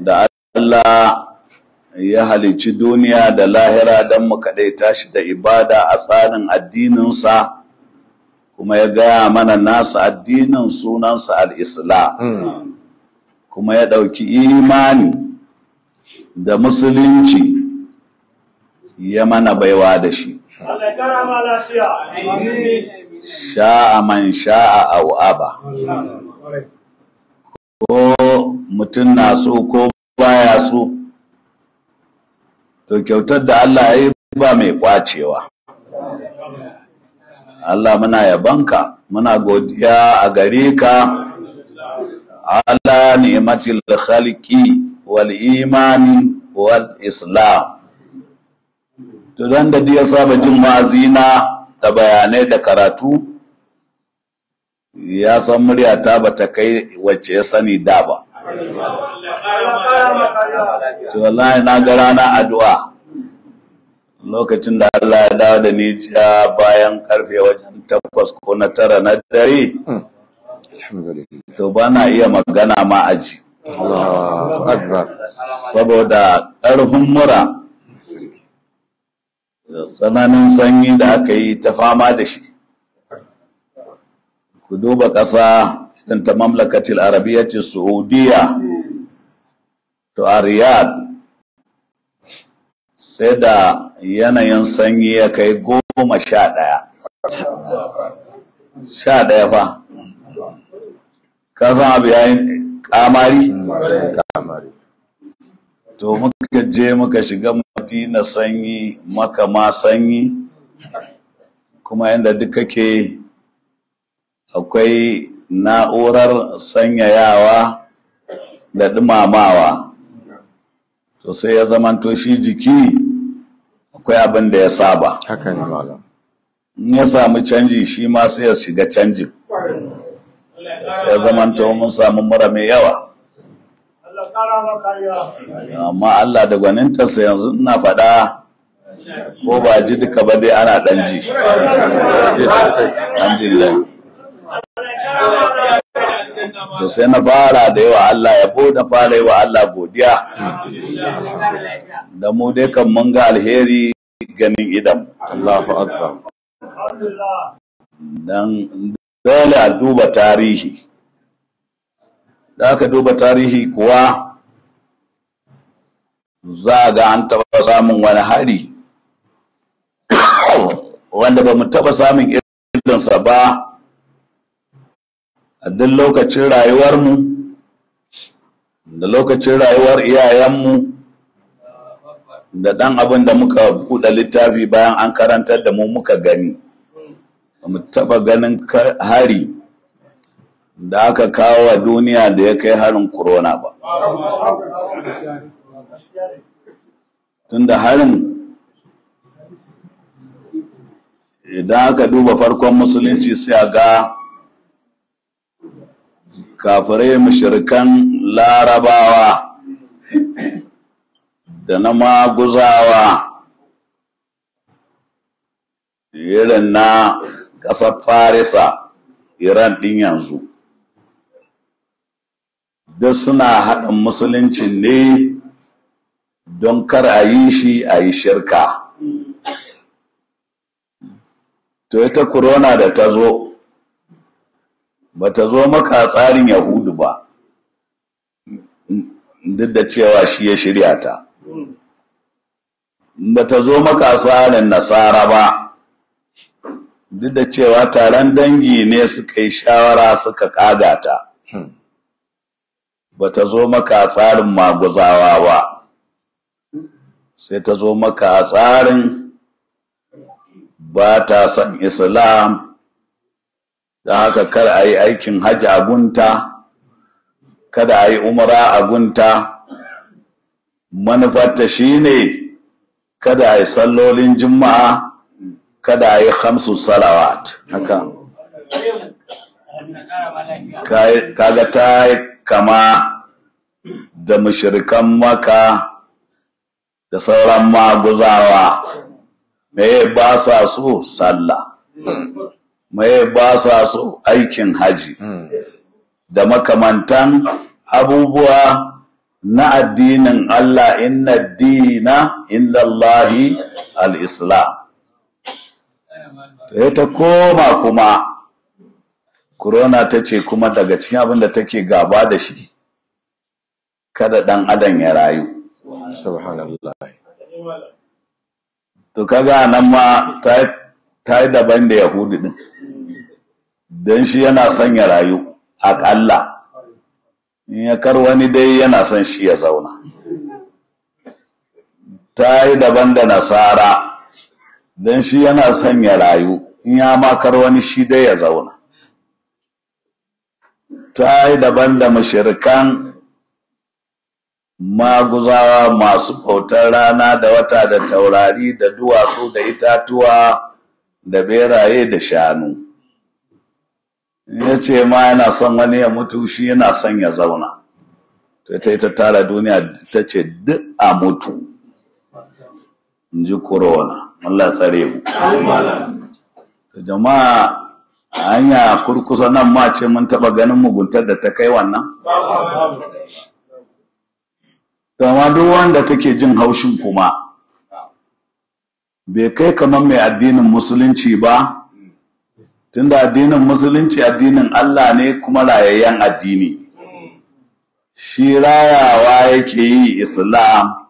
da Allah ya halici duniya da lahira don mu kaɗaita shi da ibada a tsarin addininsa kuma ya gaya mana nasa addinin sunansa Al al'isla kuma ya ɗauki imani da musulunci ya mana baiwa da shi sha'a man sha'a a au'aba mutum na so ko baya so to kyautar da Allah ya yi ba mai kwacewa Allah muna yabanka muna godiya a gare ka Allah ni'matil khalqi wal imani wal islam to dan da ya saba jin mazina ta bayanai da karatu ya san murya ta bata kai wacce ya sani da ba to wallahi na ga rana addu'a lokacin da Allah ya dawo da ni jiya bayan karfe wajen takwas ko na tara na dare to ba iya magana ma aji saboda ƙarfin mura tsananin sanyi da aka yi ta fama da shi ku duba ƙasa ta mamlakatil arabiyyati saudiya to a Riyadh, sai da yanayin sanyi ya kai goma sha ɗaya sha ɗaya fa ka san abu yayin kamari to muka je muka shiga madina sanyi maka ma sanyi kuma inda duk kake akwai na'urar sanyayawa da ɗumamawa to sai ya zamanto shi jiki akwai abin da ya saba haka ne in ya samu canji shi ma sai ya shiga canji, sai ya zamanto mun samu mura mai yawa amma Allah da gwanintarsa yanzu ina faɗa ko ba ji duka ba dai ana ɗan ji. Alhamdulillah. to sai na fara da yawa Allah ya bo na fara yawa Allah godiya da mu dai kan mun ga alheri ganin idan Allahu akbar dan dole a duba tarihi da ka duba tarihi kuwa za ga an taba samun wani hari wanda ba mu taba samun irin sa ba a duk lokacin rayuwarmu da lokacin rayuwar iyayenmu da ɗan abin da muka buɗe littafi bayan an karantar da mu muka gani bamu mu taɓa ganin hari da aka kawo wa duniya da ya kai harin corona ba tunda harin idan aka duba farkon musulunci sai a ga kafirai mushrikan larabawa da na maguzawa irin na ƙasar farisa iran ɗin yanzu duk suna haɗin musuluncin ne don kar a yi shi a yi shirka to ita korona da ta zo bata zo maka tsarin yahudu ba duk da cewa shi ya shirya ta bata zo maka tsarin nasara ba duk da cewa taron dangi ne suka yi shawara suka kaga ta bata zo maka tsarin maguzawa ba sai ta zo maka tsarin ba ta san islam da haka kar a yi aikin hajji a gunta kada a yi umara a gunta manufarta shi ne kada a yi sallolin juma'a kada a yi hamsu salawat haka kaga ta yi kama da mashirkan maka da sauran maguzawa me ba sa su sallah hmm. Mai ba sa so aikin haji hmm. da makamantan abubuwa na addinin Allah inna dina illallahi al-islam ta koma kuma corona ta ce kuma daga cikin abin da take gaba da shi kada dan adam ya rayu subhanallah to nan ma ta yi daban da yahudi din don shi yana son ya rayu ƙalla in ya kar wani dai yana son shi ya zauna ta yi daban da nasara don shi yana son ya rayu in ya makar wani shi dai ya zauna ta yi daban da mashirkan maguzawa masu bautar rana da wata da taurari da duwatsu da itatuwa da beraye da shanu ya ce ma yana son wani ya mutu shi yana son ya zauna ta ta yi ta tara duniya ta ce duk a mutu in ji korona Allah tsare mu ta jama'a hanya kurkusa nan ma ce mun taɓa ganin muguntar da ta kai wannan kama duk wanda take jin haushin kuma bai kai kamar mai addinin musulunci ba tunda addinin musulunci addinin Allah ne kuma rayayyen addini shi rayawa yake yi islam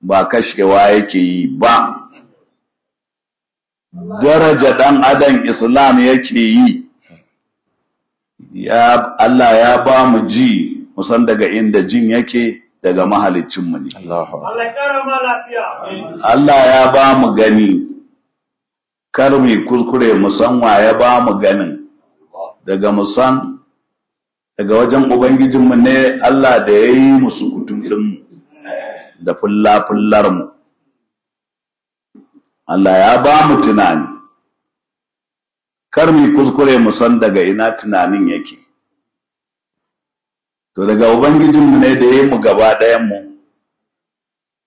ba kashewa yake yi ba daraja dan adam islam yake yi ya Allah ya ba mu ji musan daga inda jin yake daga mahalicinmu ne Allah ya ba mu gani kar mu kuskure mu san ya ba mu ganin daga mu san daga wajen ubangijinmu ne Allah da ya yi mu sukutun irinmu da fulla mu Allah ya ba mu tunani kar mu kuskure mu san daga ina tunanin yake to daga ubangijinmu ne da ya yi mu gaba mu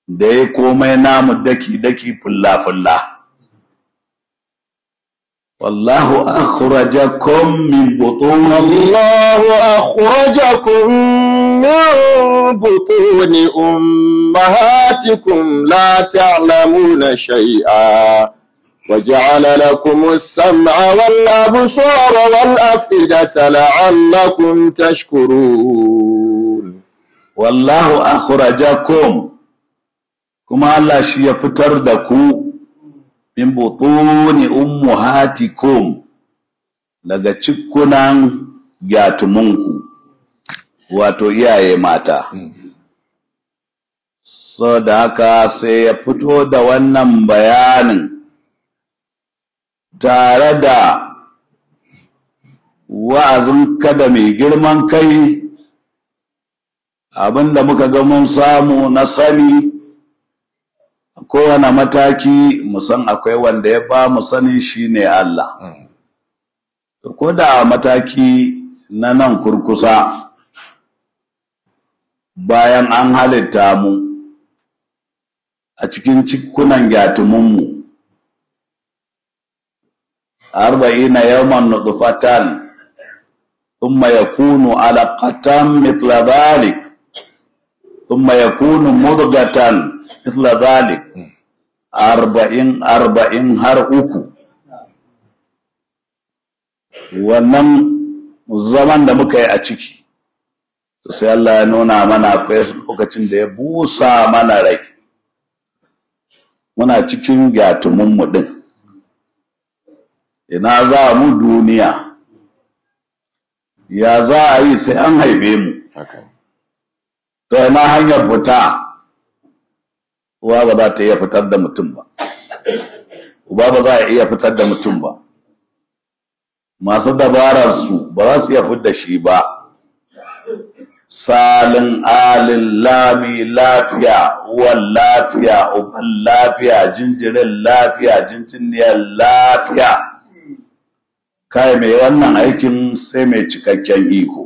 da ya komai namu daki-daki fulla-fulla والله أخرجكم من بطون الله أخرجكم من بطون أمهاتكم لا تعلمون شيئا وجعل لكم السمع والأبصار والأفئدة لعلكم تشكرون والله أخرجكم كما الله شيء فتردكم min butuni ummahatikum daga cikunan gyatumunku wato iyaye mata so da haka sai ya fito da wannan bayanin tare da wa'azin kada mai girman kai abinda muka ga mun samu na sani kowane mataki musan akwai wanda ya ba mu sani ne Allah hmm. ko da mataki na nan kurkusa bayan an halitta mu a cikin cikunan gyatuminmu arba'ina yawman nutfatan ثم يكون علقة مثل ذلك ثم يكون مضغة mitla zalik hmm. arba'in arba'in har uku wannan zaman da muka yi a ciki to sai Allah ya nuna mana akwai lokacin da ya busa mana rai muna cikin gyatumin mu din ina za mu duniya ya za a yi sai an haife mu to ina hanyar fita uwa ba za ta iya fitar da mutum ba uba ba za a iya fitar da mutum ba masu dabarar su ba za su iya fitar da shi ba salin alin lami lafiya uwan lafiya uban lafiya jinjirin lafiya jinjiniyar lafiya kai mai wannan aikin sai mai cikakken iko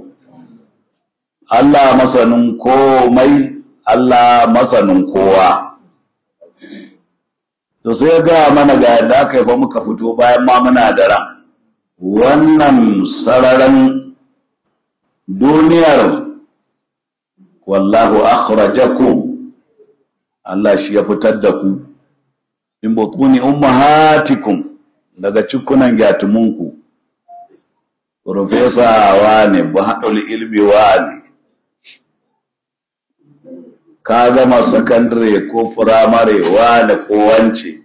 Allah masanin komai Allah masanin kowa to sai ya gaya mana ga yadda aka yi ba muka fito bayan ma muna da ran wannan sararin duniyar wallahu akhrajaku Allah shi ya fitar da ku in butuni ummahatikum daga cikunan gatumunku profesa wa ne bahadul ilmi wa ne ka gama sakandare ko firamare wane da wance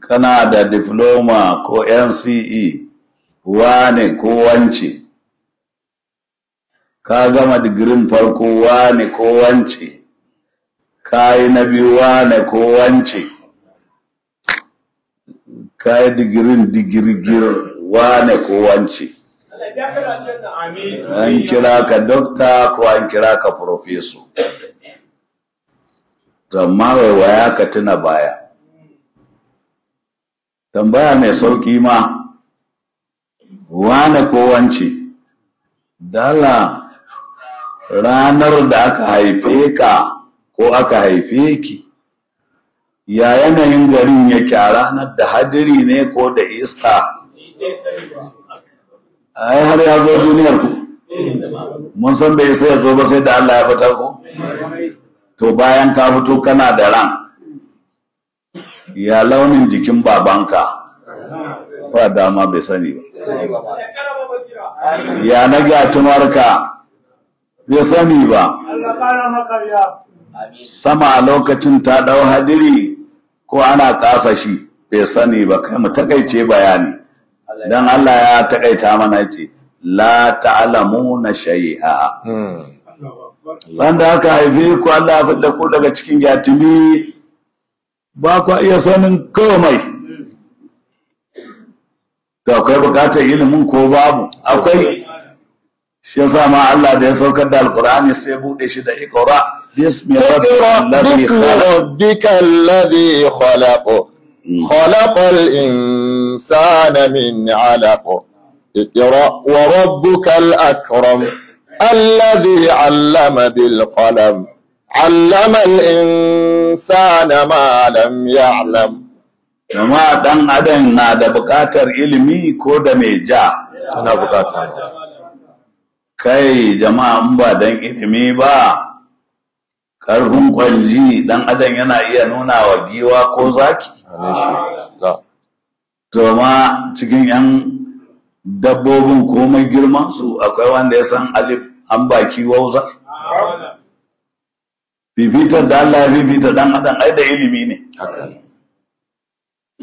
kana da diploma ko nce wane ko wance ka gama digirin farko wane ko wance ka yi na biyu wane ko wance ka yi digirin digirgir wane ko wance an kira ka dokta ko an kira ka profeso amma waiwaya ka tuna baya tambaya mai sauki ma wane ko wance dala ranar da aka haife ka ko aka haife ki ya yanayin garin yake a ranar da hadiri ne ko da iska ai har ya zo duniyar ku mun san bai sai ya zo ba sai da Allah ya fitar ku to bayan ka fito kana da ran ya launin jikin babanka ba dama bai sani ba ya na gatumarka bai sani ba sama a lokacin ta ɗau hadiri ko ana kasa shi bai sani ba kai mu takaice bayani dan Allah ya takaita mana ce la ta'lamuna shay'a hmm. wanda aka haifi ku Allah ya fadda ku daga cikin yatimi ba ku iya sanin komai to akwai bukatar ilimin ko babu akwai shi yasa ma Allah da ya saukar da alqur'ani sai buɗe shi da iqra bismi rabbikal ladhi khalaq hmm. khalaqal الإنسان من علق اقرأ وربك الأكرم الذي علم بالقلم علم الإنسان ما لم يعلم jama'a dan adam na da buƙatar ilimi ko da mai ja kai jama'a ba dan ilimi ba ƙarfin kwanji ɗan adam yana iya nuna wa giwa ko zaki ma cikin 'yan dabbobin komai girman su akwai wanda ya san alif an baki wauza fifitar da Allah ya fifita dan adam ai da ilimi ne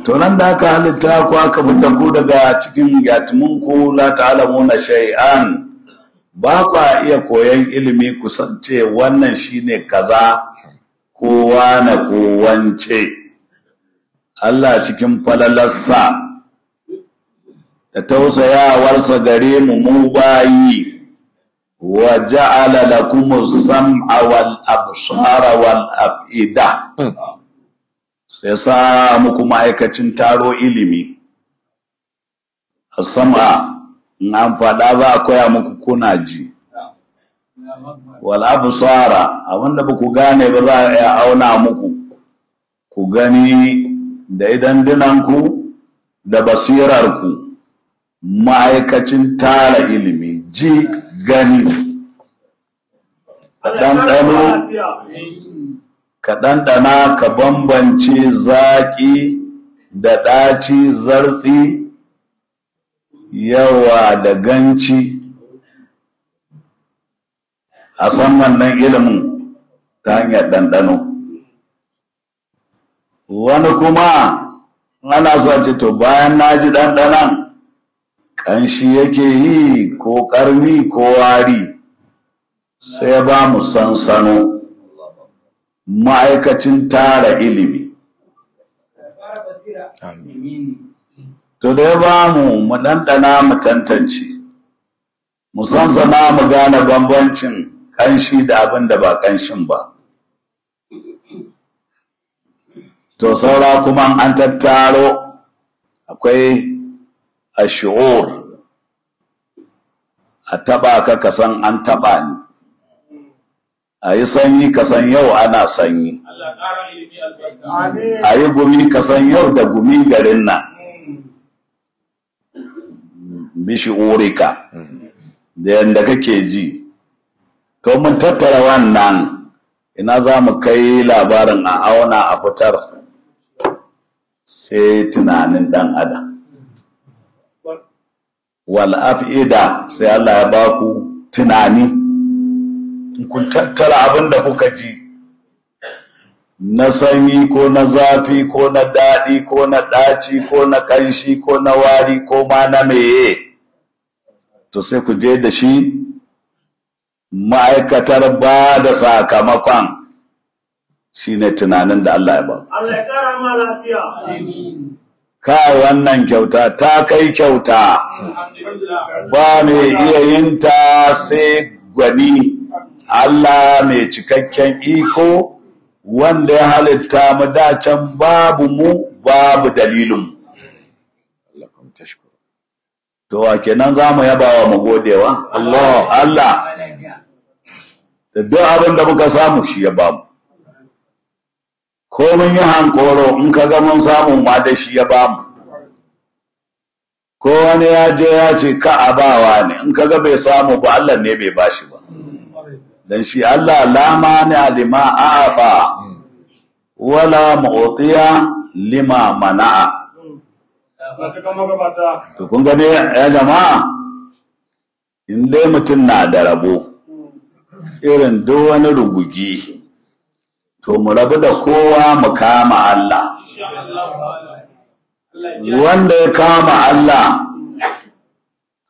to nan da aka halitta ko aka fita ku daga cikin yatimin ku la ta'lamuna shay'an ba kwa iya koyan ilimi kusance wannan shine kaza kowa na kowance. Allah cikin falalarsa da tausayawarsa gare mu mu bayi wa ja'ala lakum sama wal absara wal af'ida hmm. sai sa muku ma'aikacin taro ilimi sama in an faɗa za a koya muku kuna ji wal absara abinda ba ku gane ba za a auna muku ku gani da idandunanku da basirarku ma'aikacin tara ilimi ji gani ɗanɗano ka ɗanɗana ka bambance zaƙi da ɗaci zartsi yawa da ganci a san wannan ilimin ta hanyar ɗanɗano wani kuma ana zuwa ce to bayan na ji ɗanɗanan ƙanshi yake yi ko ƙarni ko wari sai ba mu sansano ma'aikacin tara ilimi to da ya ba mu mu ɗanɗana mu tantance mu sansana mu gane bambancin ƙanshi da abin da ba ƙanshin ba to saura kuma an tattaro akwai shi'ur a taba ka kasan an taba ni a yi sanyi kasan yau ana sanyi a yi gumi kasan yau da gumi garin nan bishi urika da yadda kake ji to mun tattara wannan ina za mu kai labarin a auna a fitar sai tunanin ɗan adam wal af'ida sai Allah ya ba ku tunani kun tattara abin da kuka ji na sanyi ko na zafi ko na daɗi ko na ɗaci ko na ƙanshi ko na wari ko ma na meye to sai ku je da shi ma'aikatar ba da sakamakon Shi ne tunanin da Allah ya ba Allah ya kara ma lafiya ka wannan kyauta ta kai kyauta ba mai iya yin ta sai gwani Allah mai cikakken iko wanda ya halitta mu da can babu mu babu dalilin to a kenan za mu yaba wa mu godewa Allah Allah da duk abin da muka samu shi ya bamu ko mun yi hankoro in ka ga mun samu ma da shi ya bamu ko wani ya je ya ce ka a bawa ne in ka ga bai samu ba Allah ne bai bashi ba dan shi Allah lama ne alima a'ata wala mu'tiya lima mana'a to kun ga ne ya jama'a in dai mutum na da rabo irin duk wani rugugi to mu rabu da kowa mu kama Allah wanda ya kama Allah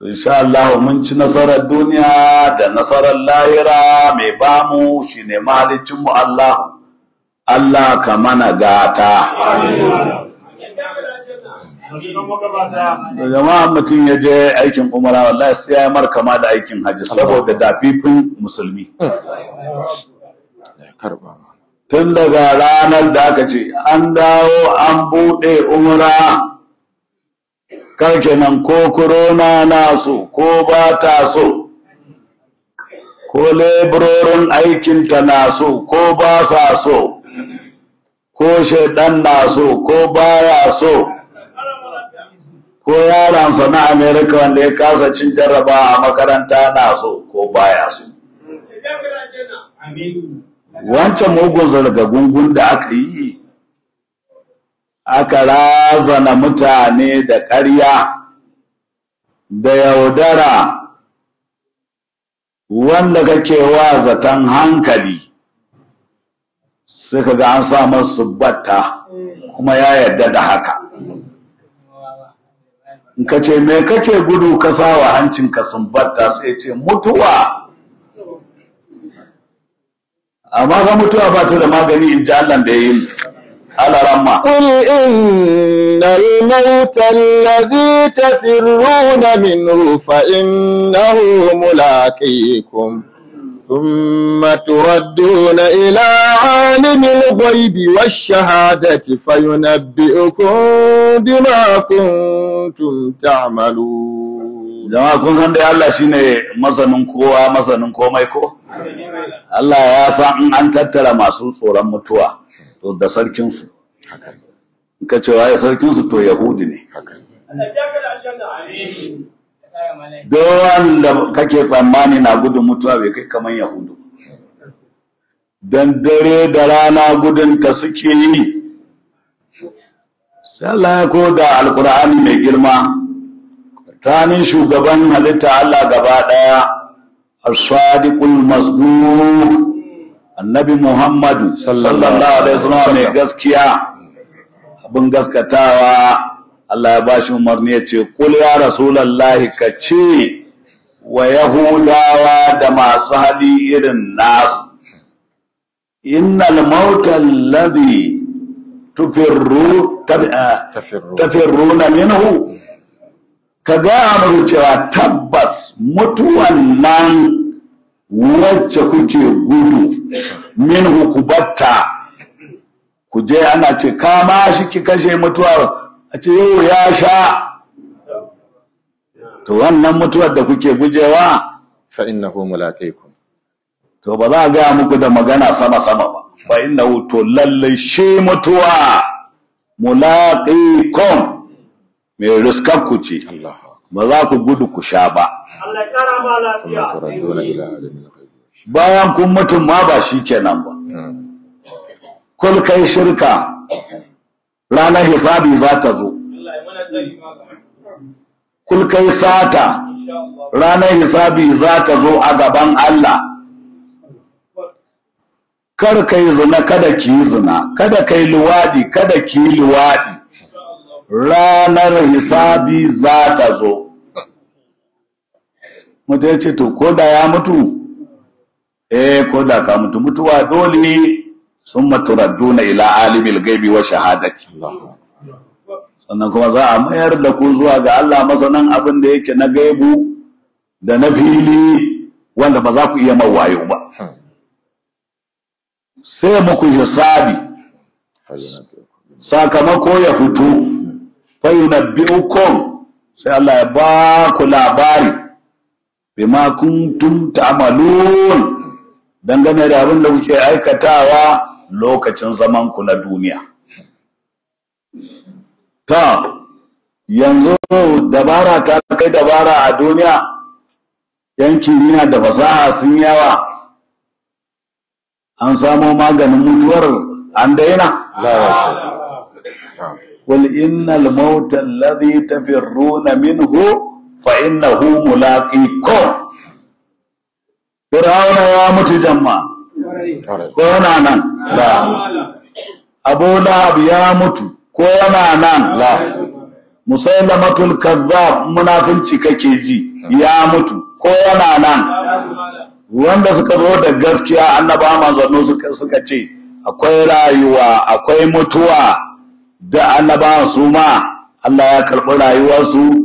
insha Allah mun ci nasarar duniya da nasarar lahira mai bamu shine mahalicin mu Allah Allah ka mana gata da jama'a mutum ya je aikin umara wallahi sai ya markama da aikin hajji saboda dafifin musulmi karba tun daga ranar da aka ce an dawo an buɗe umra nan ko korona na so ko ba ta so ko leburorin aikinta na so ko ba sa so ko shaidan na so ko ba ya so ko yaransa na amerika wanda ya kasa cin jarraba a makaranta na so ko ba ya so wancan mugun zargagungun da aka yi aka razana mutane da ƙarya da yaudara wanda kake wa zaton hankali suka ga an sa masu batta kuma ya yarda da haka in ka ce me kake gudu ka hancin hancinka sun batta sai ce mutuwa amma ga mutuwa ba da magani in ji Allah da ya yi alarama. Kuli inna al-mauta alladhi tafirruna min rufa innahu mulaqikum thumma turadduna ila alimi al-ghaibi wash-shahadati fayunabbi'ukum bima kuntum ta'malun. Jama'a kun san dai Allah shi ne mazanin kowa mazanin komai ko? Amin. Allah ya san in an tattara masu tsoron mutuwa to da sarkin su in ka ce waye sarkin su to yahudi ne duk wanda kake tsammani na gudun mutuwa bai kai kaman yahudu dan dare da rana gudun ta suke yi sai Allah ya koda alkur'ani mai girma tanin shugaban halitta Allah gaba daya as-sadiqul masduq annabi Muhammadu sallallahu alaihi wasallam mai gaskiya abin gaskatawa Allah ya bashi umarni ya ce kul ya rasulullahi ka ce wa yahudawa da masu hali irin nasu innal mauta na tufirru ah, tafirruna minhu ka gaya musu cewa tabbas mutuwan nan wacce kuke gudu min hukubatta ku je ana ce kama shi ki kashe mutuwa a ce yau ya sha to wannan mutuwar da kuke gujewa fa innahu mulaqikum to ba za a gaya muku da magana sama sama ba fa innahu to lalle shi mutuwa mulaqikum mai ruskar ku ce ba za ku gudu ku sha ba bayan kun mutum ma ba shi kenan ba hmm. kul shirka ranar hisabi za ta zo Kulkai sata ranar hisabi za ta zo a gaban Allah kar kai zina kada ki zina kada kai luwadi kada ki luwadi ranar hisabi za ta zo mutu ya ce to ko da ya mutu eh ko da ka mutu mutuwa dole sun na ila alimil gaibi wa shahadati sannan kuma za a mayar da ku zuwa ga Allah masanan abin da yake na gaibu da na fili wanda ba za ku iya mawayo ba sai muku hisabi sakamako ya fito fayunabbi'ukum sai Allah ya ba ku labari bima kuntum ta'malun dangane da abin da kuke aikatawa lokacin zaman ku na duniya ta yanzu dabara ta kai dabara a duniya yan kimiyya da fasaha sun yawa an samo maganin mutuwar an daina qul innal mauta alladhi tafirruna minhu fa innahu mulaqikum Fir'auna ya mutu jamma ko na nan la Abu Lahab ya mutu ko na nan la Musailamatul kazzab munafinci kake ji ya mutu ko yana nan wanda suka zo da gaskiya annaba manzanni suka ce akwai rayuwa akwai mutuwa da annabawan su ma Allah ya karɓi rayuwarsu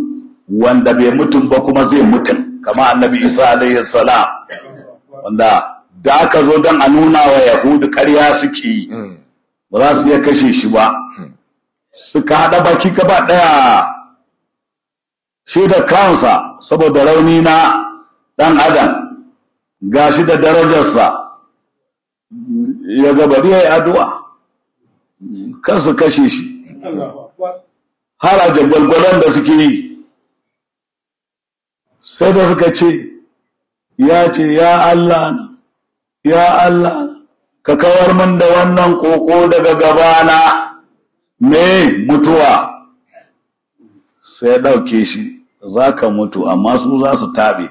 wanda bai mutum ba kuma zai mutum kama annabi isa alaihi salam wanda da aka zo don a nuna wa yahudu ƙarya suke yi hmm. ba za su iya kashe shi ba hmm. suka haɗa baki gaba ɗaya shi da kansa saboda rauni na ɗan adam ga shi da darajarsa ya gabari ya yi addu'a kansu kashe shi harajin gwalgwalon da suke yi sai da suka ce ya ce ya Allah ya Allah ka kawar min da wannan koko daga gabana me mutuwa sai ɗauke shi za ka mutu amma su za su taɓe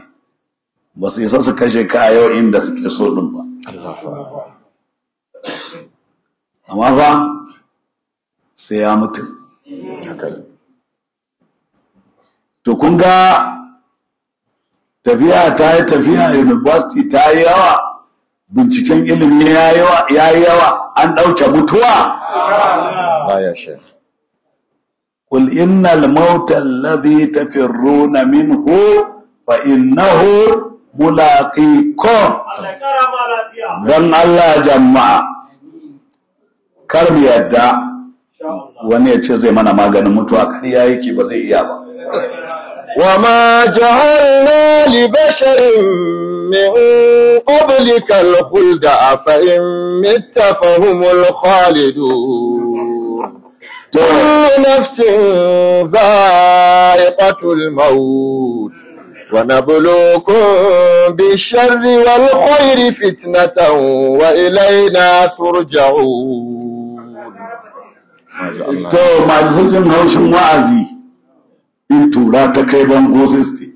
ba su isa su kashe ka yau inda suke so ɗin ba amma fa sai ya mutu to kun ga tafiya ta yi tafiya university ta yi yawa binciken ilimi ya yi yawa an ɗauke mutuwa baya shekh قل إن الموت الذي تفرون منه فإنه ملاقيكم Allah الله جمع كرم yadda Wani yace zai mana maganin mutuwa, kadi yaya ki ba zai iya ba. Wa majahar na liba shari me a public health da a fahimci ta fahimu lukal nafsin zai batun mawutu. Wana bulokon bishiyar da ya lukaku iri fitna wa ilai na jiya. to masu jin haushin wa'azi in tura ta kai bango sai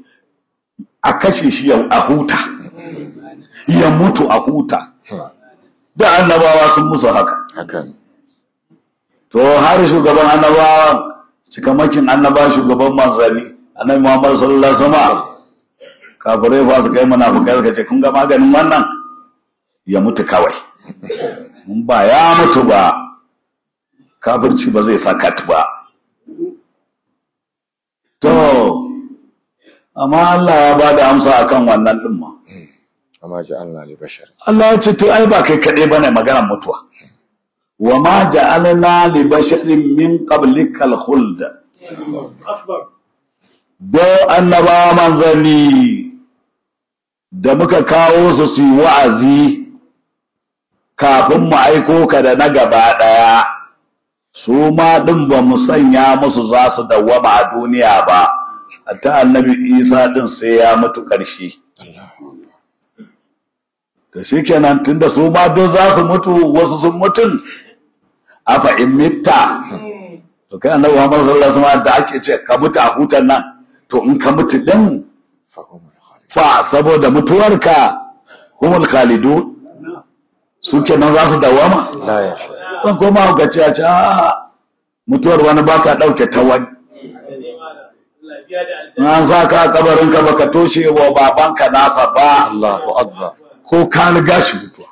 a kashe shi a huta ya mutu a huta da annabawa sun musu haka to har shugaban annabawa cikamakin annaba shugaban manzanni annabi Muhammad sallallahu alaihi wasallam kafirai fa su kai munafikai ka ce kun ga maganin wannan ya mutu kawai mun ba ya mutu ba kafirci ba zai sa ta ba to amma Allah ya bada amsa akan wannan din ma hmm. amma Allah ne bashar Allah ya ce to ai ba kai kade bane magana mutuwa hmm. wa ma ja'alna li basharin min qablikal khuld do annaba manzanni da muka kawo su su wa'azi kafin mu aiko ka da na gaba daya su ma ɗin ba mu sanya musu za su dawwama a duniya ba ta annabi isa ɗin sai ya mutu ƙarshe ta shi kenan da su ma din za su mutu wasu sun mutun a fa'in mita to kai annabi muhammad sallallahu alaihi da ake ce ka mutu a hutan nan to in ka mutu ɗin fa saboda mutuwarka humul khalidu su kenan za su dawama la zan koma ci a ah, mutuwar wani ba ta ɗauke ta wani Na za ka kabarin ka baka toshe wa babanka nasa ba Allahu akbar ko ka riga shi mutuwa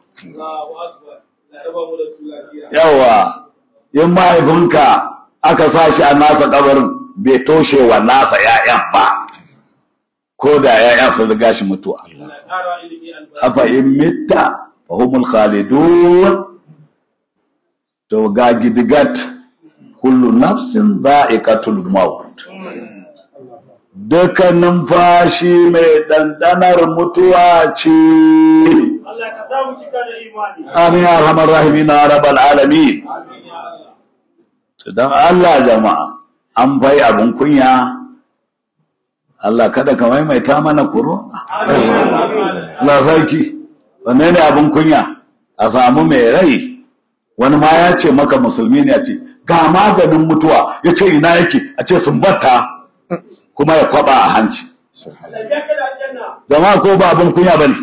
yawa in mahaifinka aka sa shi a nasa kabarin bai toshe wa nasa ya'yan ba ko da ya'yan sun riga shi mutuwa afa in mitta fa humul khalidun to ga gidigat kullu nafsin za'iqatul maut duka numfashi mai ɗanɗanar mutuwa ce amin ya rahman rahimi na rabar alami don Allah jama'a an bai abin kunya Allah kada ka maimaita mana kuro Allah sarki wanne ne abin kunya a samu mai rai wani ma ya ce maka musulmi ne a ce ga maganin mutuwa ya ce ina yake a ce sumbata kuma ya kwaba a hanci Zama ko ba abin kunya bane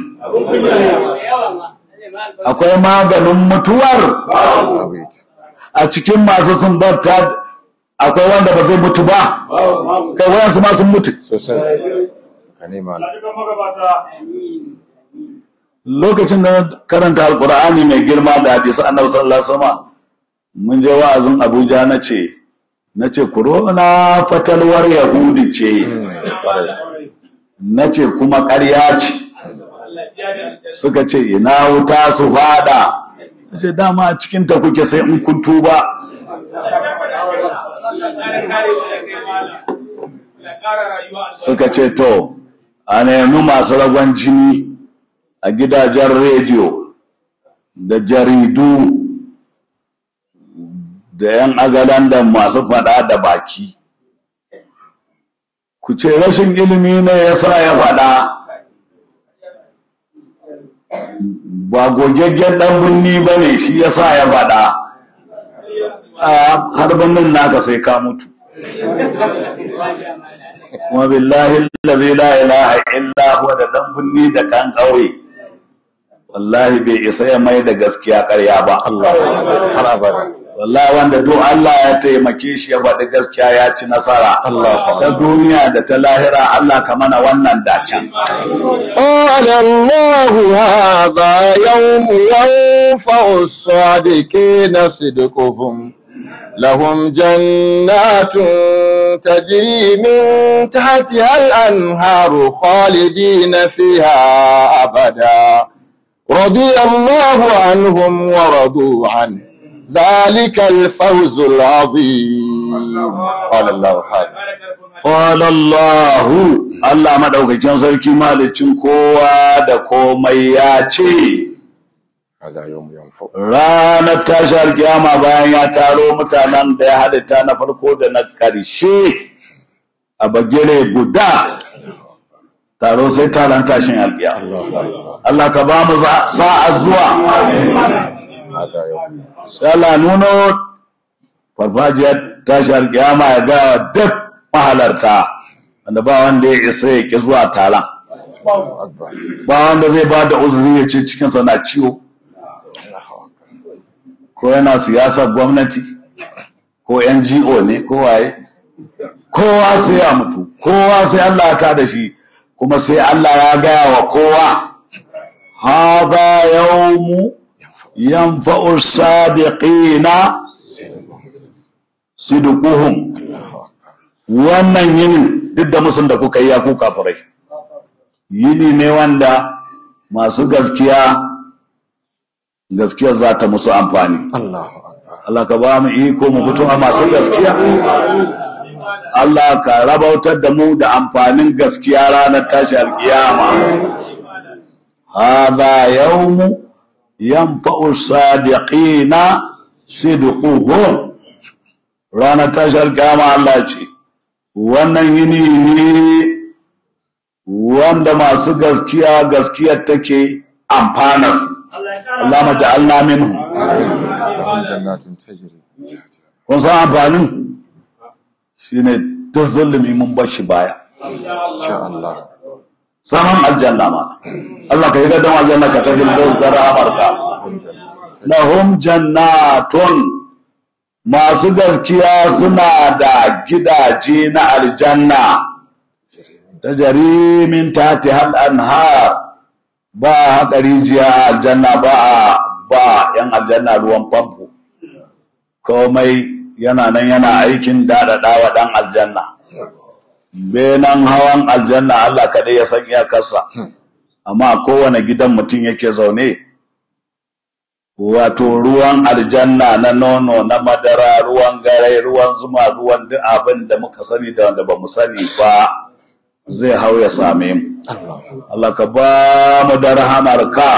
akwai maganin mutuwar a cikin masu sumbata akwai wanda ba zai mutu ba kai wayansu ma sun mutu sosai lokacin da karanta alkur'ani mai girma da hadisi annabi sallallahu alaihi wasallam mun je wa'azin Abuja na ce corona fatalwar yahudi ce na kuma ƙarya ce suka ce ina wuta su fada na dama a cikinta kuke sai in kun tuba suka ce to a nemi masu ragon jini a gidajen rediyo da jaridu da 'yan da masu faɗa da baki ku ce rashin ilimi ne ya sa ya faɗa ba gogaggen dan birni ba shi ya sa ya faɗa har birnin naka sai ka mutu kuma billahi la ilaha illa huwa da dan birni da kan ƙauye wallahi bai isa ya mai da gaskiya karya ba har abada wallahi wanda duk Allah ya taimake shi ya faɗi gaskiya ya ci nasara allah ta duniya da ta lahira Allah ka mana wannan dacen qala Allah hadha yawm yanfa'u as-sadiqina sidquhum jannatun tajri min tahtiha al-anharu خالدين fiha abada. رضي الله عنهم ورضوا عنه ذلك الفوز العظيم قال الله حاجة قال الله الله ما دعوك جنزل كما لتنكوا دكو مياتي هذا يوم kiyama رانا تشار كياما باين da متانان halitta na farko da na ƙarshe a bagire guda taro sai taron tashin alƙiya Allah ka ba mu sa'a zuwa sai Allah nuno farfajiyar tashin alƙiyama ya gawa duk mahalarta wanda ba wanda ya isa ya ki zuwa taron ba wanda zai ba da uzuri ya ce cikinsa na ciwo ko yana siyasa gwamnati ko NGO ne ko waye kowa sai ya mutu kowa sai Allah ta da shi kuma sai Allah ya gaya wa kowa hadha yan yanfa'u sadiqina sidquhum wannan yini duk da musun da kuka yi ya kuka furai yini ne wanda masu gaskiya gaskiyar za ta musu amfani Allah ka ba mu iko mu fito a masu gaskiya Allah ka rabautar da mu da amfanin gaskiya ranar tashi alkiyama hadha yawmu yanfa'u sadiqina sidquhum ranar tashi alkiyama Allah ce wannan yini ne wanda masu gaskiya gaskiyar take amfanar su Allah maja'alna minhu kun san amfanin shine duk zulumi mun bar shi baya insha Allah sanan aljanna ma Allah ka yi gadon aljanna ka ta bildos da rahamarka lahum jannatun masu gaskiya suna da gidaje na aljanna ta jari min tati hal har ba haka rijiya aljanna ba ba yan aljanna ruwan famfo komai yana nan yana aikin daɗaɗa wa ɗan aljanna benan hawan aljanna Allah kaɗai ya san iyakarsa amma a kowane gidan mutum yake zaune wato ruwan aljanna na nono na madara ruwan garai ruwan zuma ruwan duk abin da muka sani da wanda ba mu sani ba zai hau ya same mu Allah ka ba mu da rahamarka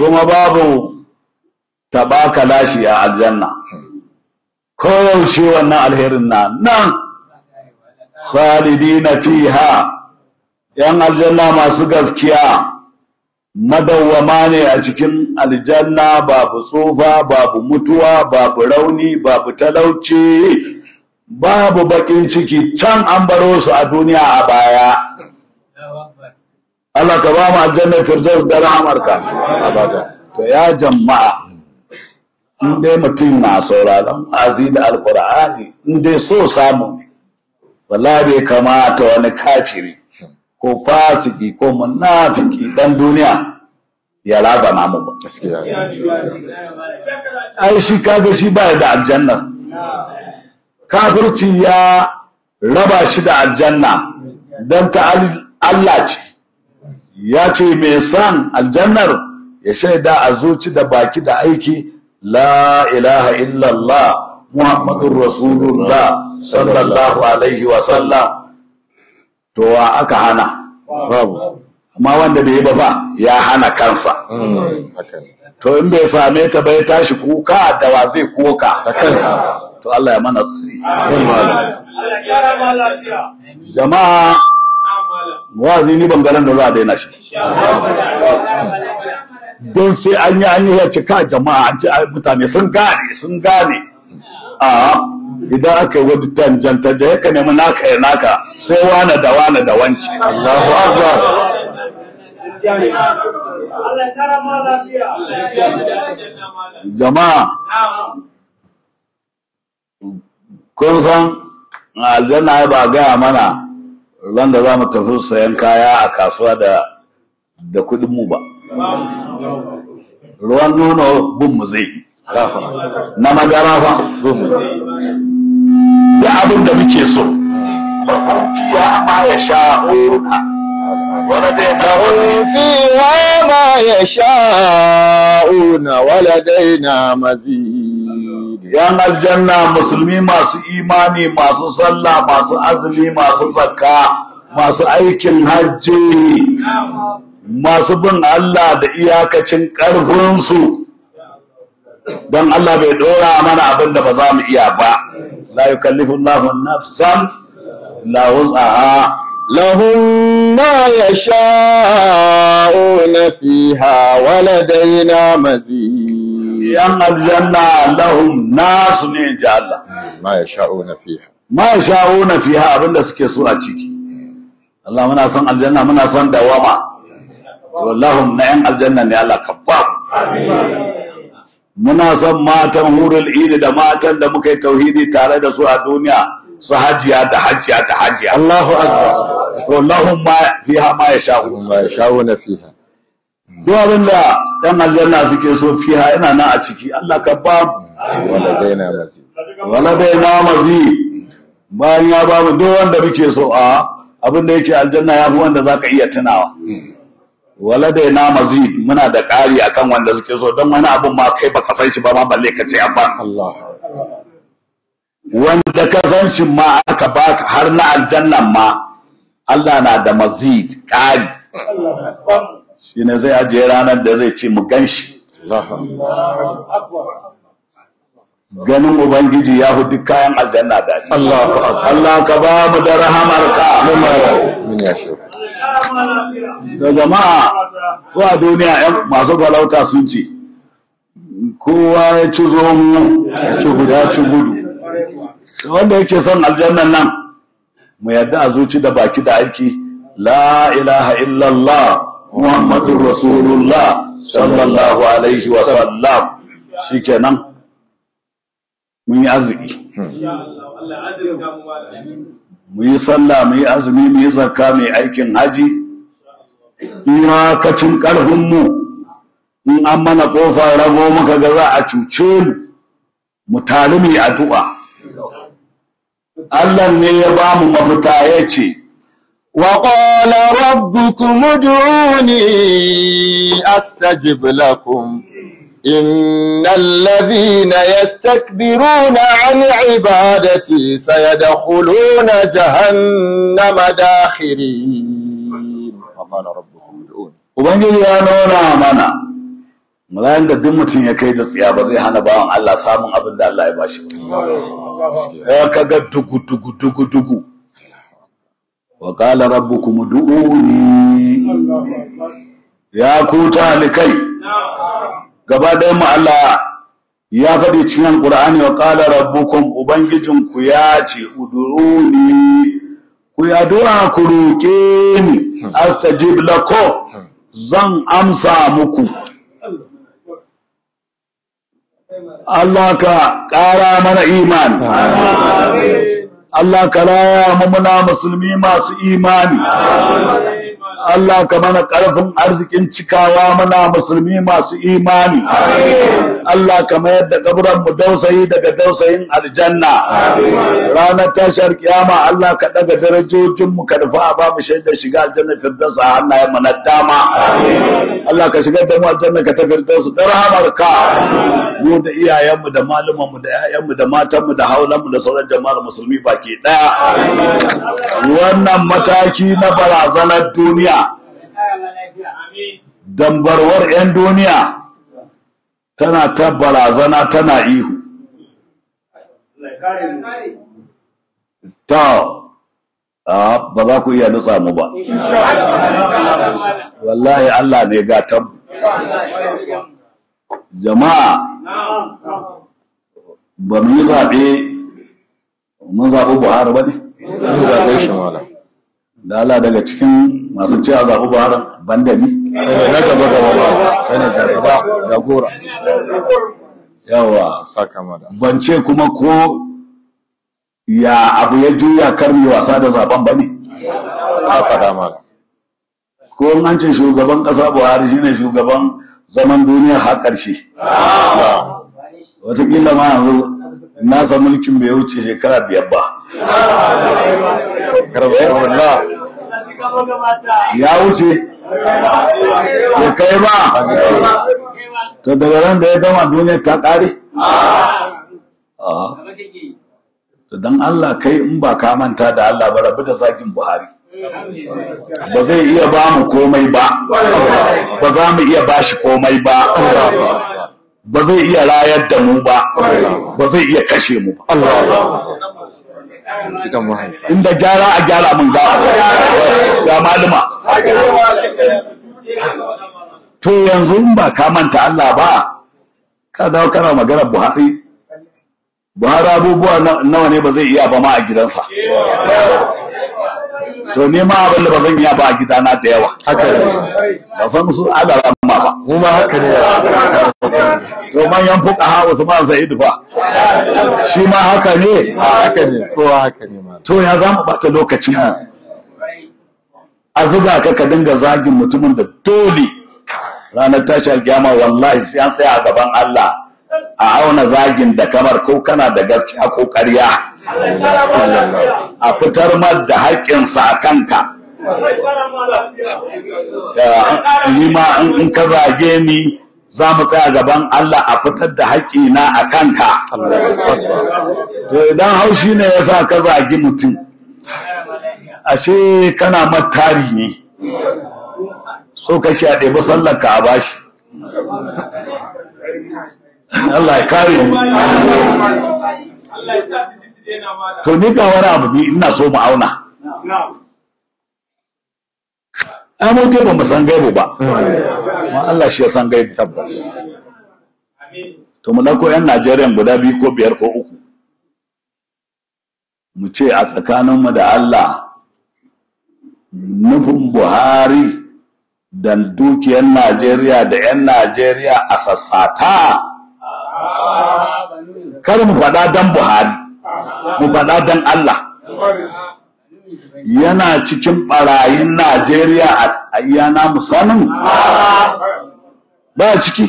kuma babu ta baka lashi a aljanna koyaushe wannan alherin na nan khalidina fiha yan aljanna masu gaskiya madawwama ne a cikin aljanna babu tsufa babu mutuwa babu rauni babu talauci babu bakin ciki can an baro su a duniya a baya Allah ka ba mu aljanna firdaus da rahmarka abada to ya jama'a in dai mutum na sauraron azi da alkur'ani in dai so samu ne wala bai kamata wani kafiri ko fasiki ko munafiki dan duniya ya razana mu ba ai shi kaga shi ba da aljanna kafirci ya raba shi da aljanna dan ta Allah ce ya ce mai san aljannar ya shaida a zuci da baki da aiki la ilaha illallah muhammadun rasulullah sallallahu alaihi wa sallam to wa aka hana babu amma wanda bai yi ba ya hana kansa to in bai same ta bai tashi kuka da wa zai koka da kansa to Allah ya mana tsari jama'a wazi ni bangaren da za a daina shi don sai an yi an yi ya cika jama'a mutane sun gane sun gane a idan aka yi wani tanjanta da ya ka nemi naka ya naka sai wane da wane da wance Allahu jama'a kun san aljanna ba gaya mana ran da za mu tafi sayan kaya a kasuwa da da kuɗin mu ba ruwan nono bin mu zai na magara fa abin da muke so sha'una yan aljanna musulmi masu imani masu sallah masu azumi masu zakka masu aikin hajji masu bin Allah da iyakacin ƙarfinsu don Allah bai ɗora mana abin da ba za mu iya ba la yukallifu Allahu nafsan la wuz'aha lahum ma yasha'una fiha wa na mazi yan aljanna lahum nasu ne ji Allah ma yasha'una fiha ma yasha'una fiha abinda suke so a ciki Allah muna son aljanna muna son dawama Wallahu na yan aljanna ne Allah ka muna son matan hurul ini da matan da muka yi tauhidi tare da su a duniya su hajiya da hajiya da hajiya Allahu akbar Wallahu ma fiha ma yasha'u ma yasha'u na fiha duk abin da yan aljanna suke so fiha ina nan a ciki Allah ka ba wala daina mazi wala daina mazi bayan ya ba mu duk wanda muke so a abin da yake aljanna ya fi wanda zaka iya tunawa hmm. wala da na mazid muna da ƙari akan wanda suke so don wani abun ma kai baka san shi ba ma balle ka ce abba wanda ka san shi ma aka baka har na aljannan ma Allah na da mazid ƙari shine zai ajiye ranar da zai ce mu gan shi. ganin ubangiji ya fi duk kayan aljanna daɗi Allah ka ba mu da rahamarka da jama'a ko a duniya masu balauta sun ce kowa ya ci zomu ci guda ci gudu wanda yake son aljannan nan mu yadda a zuci da baki da aiki la ilaha illallah muhammadur rasulullah sallallahu alaihi wa sallam shikenan mun yi arziki mu yi sallah mu yi azumi mu yi zakka mu yi aikin haji iyakacin ƙarfinmu in an mana ƙofa rago muka ga za a cuce mu mu tari mu yi addu'a Allah ne ya ba mu mafita ya ce وقال ربكم ادعوني أستجب لكم إن الذين na عن عبادتي سيدخلون جهنم داخرين قال ربكم ادعوني ubangiji ya nuna mana mulan da duk mutum ya kai da tsiya ba zai hana bawan Allah samun abin da Allah ya bashi ba ya kaga dugu dugu dugu dugu wa qala rabbukum ud'uni ya kuta likai gaba ɗayan mu Allah ya faɗi cikin alƙur'ani wa qala rabbukum ubangijinku ya ce uduruni ku ya du'a ku roƙe ni astajib lakum zan amsa muku Allah ka ƙara mana iman Allah ka raya mu muna musulmi masu imani Allah ka mana ƙarfin arzikin cikawa muna musulmi masu imani Allah ka yadda kaburan mu dausayi daga dausayin aljanna ranar tashar kiyama Allah ka daga darajojin mu ka rufa ba mu shaidar shiga aljanna firdaus a hannayen mu na dama Allah ka shigar da mu aljanna ka ta firdaus da ka mu da iyayen mu da malaman mu da ƴaƴan mu da matan mu da haulan mu da sauran jama'ar musulmi baki daya wannan mataki na barazanar duniya dambarwar 'yan duniya tana ta barazana tana ihu ta ba za ku iya nutsa mu ba wallahi Allah ne ta. jama'a ba mu yi zaɓe mun zaɓi buhari ba ne? mun zaɓe shi lala daga cikin masu ci a zaɓi ban da ni eh, na gaba gaba ba kai ne Ya jagora yawa saka mada ban ce kuma ko ya abu ya juya kar mai wasa da zaben ba ne ka faɗa maka ko an ce shugaban ƙasa buhari shine shugaban zaman duniya har ƙarshe ah. wataƙila ma yanzu nasa mulkin bai wuce shekara biyar ba ya wuce ya kai ba to daga ran da ya gama duniya ta ƙare ah. to don Allah kai in ba ka manta da Allah ba rabu da zagin Buhari ba zai iya ba mu komai ba ba za mu iya ba shi komai ba ba zai iya rayar da mu ba ba zai iya kashe mu ba cikin mahaifa inda gyara a gyara mun ga ga malama to yanzu ba ka manta Allah ba ka dawo kana magana Buhari Buhari abubuwa nawa ne ba zai iya ba ma a gidansa to ne ma abin da ba zan iya ba a gidana da yawa haka ne ba san su Allah mu ma haka ne to manyan fuka ha Usman Sa'idu fa shi ma haka ne haka ne to haka ne ma to ya zamu bata lokacin mu a zuga ka ka dinga zagin mutumin da dole ranar tashi alkiyama wallahi sai an tsaya a gaban Allah a auna zagin da kamar ko kana da gaskiya ko ƙarya a fitar ma da haƙƙinsa a kanka ni ma in ka zage ni za mu tsaya gaban Allah a fitar da haƙƙina a kanka to idan haushi ne ya sa ka zagi mutum ashe kana matari ne so kake a ɗebi sallarka a bashi Allah ya kare mu to ni ga wani abu ina so mu auna mu dai ba mu san gaibu ba Ma Allah shi ya san gaibu tabbas to mu dauko yan Najeriya guda biyu ko biyar ko uku mu ce a tsakaninmu da Allah nufin Buhari da dukiyar Najeriya da 'yan Najeriya a sassata kar mu faɗa don Buhari mu faɗa don Allah yana cikin barayin Najeriya a iyana musamman? Ba ciki?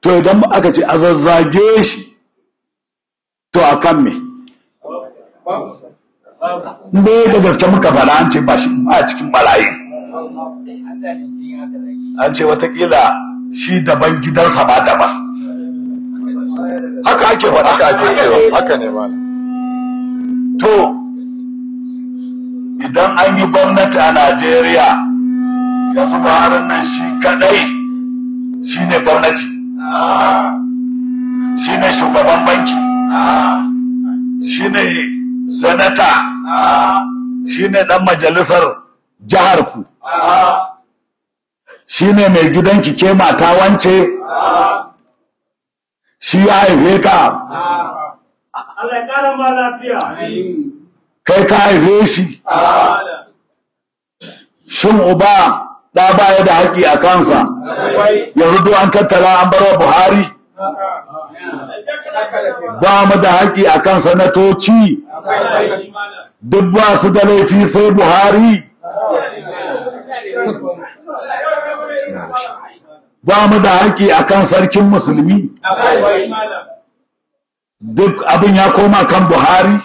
To idan aka ce a zazzage shi, to a kan me? Bai da gaske muka fara an ce ba shi ba cikin barayin. An ce watakila shi daban gidansa ba daban. Haka ake faɗa. Haka ake cewa. Haka ne ba. to idan an yi gwamnati a najeriya yanzu buharin nan shi kadai shi ne gwamnati shi ne shugaban banki shi ne sanata shi ne dan majalisar jihar ku shi ne mai gidanki ke mata wance shi ya haife ka Kai ka haife shi. Shin uba ɗa baya da haƙƙi a kansa. Yanzu duk an tattala an bar wa Buhari. Ba mu da haƙƙi a kan sanatoci. Duk ba su da laifi sai Buhari. Ba mu da haƙƙi a kan sarkin musulmi. duk abin ya koma kan buhari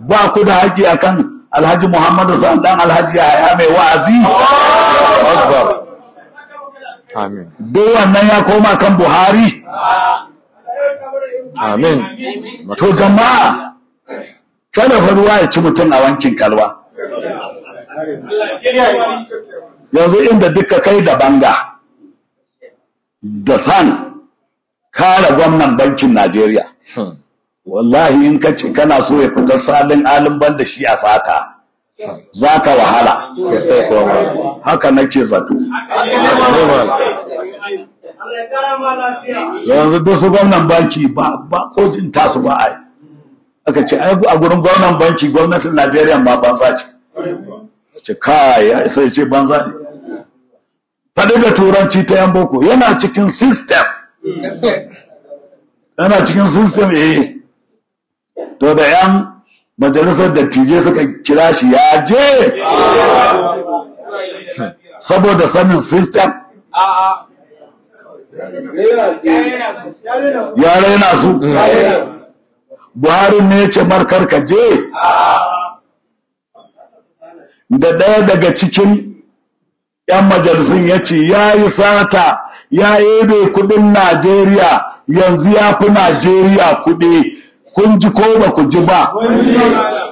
ba ku da haƙƙi akan alhaji muhammadu sa dan alhaji ya mai wa'azi duk wannan ya koma kan buhari amin to jama'a kada fa ruwa ya ci mutum a wankin kalwa yanzu inda duka kai da banga da san kare gwamnan bankin Najeriya. Hmm. Wallahi in ka ce kana so ya fita salin alin ban da shi a sata. Za ka wahala. Haka nake zato. Yanzu duk su gwamnan banki ba ba ko tasu ba ai. Aka ce ai a gurin gwamnan banki gwamnatin Najeriya ba banza ce. Ce kai sai ce banza ne. Faɗi da turanci ta yan boko yana cikin system. Yana cikin system To da ‘yan majalisar dattijai suka kira shi ya je. Saboda sanin system. Ya raina su. Buhari ne ya ce markar ka je. Da ɗaya daga cikin ‘yan majalisun ya ce ya yi sata. ya yebe kudin Najeriya yanzu ya fi Najeriya kudi kun ji ko ba ku ji ba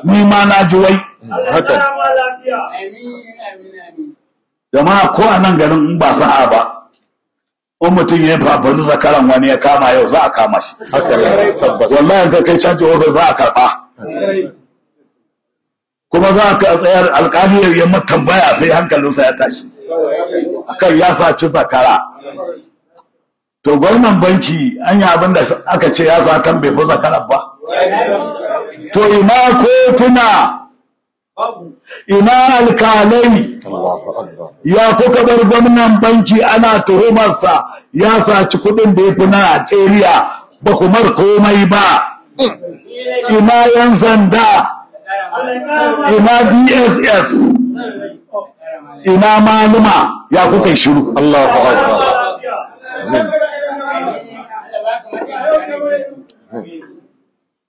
ni ma na ji wai haka jama'a ko a nan garin in ba sa'a ba in mutum ya yi fafarin zakaran wani ya kama yau za a kama shi wallahi ka kai canji ofis za a karba kuma za ka tsayar alkali ya tambaya sai hankalinsa ya tashi akan ya saci zakara to gwamnan banki an yi abin da aka ce ya satan bai fi zakarar ba to ina kotuna ina alkalai ya kuka bar gwamnan banki ana tuhumarsa ya saci kudin da ya fi na Najeriya ba kumar komai ba ina yan sanda ina dss ina maluma ya kuka shiru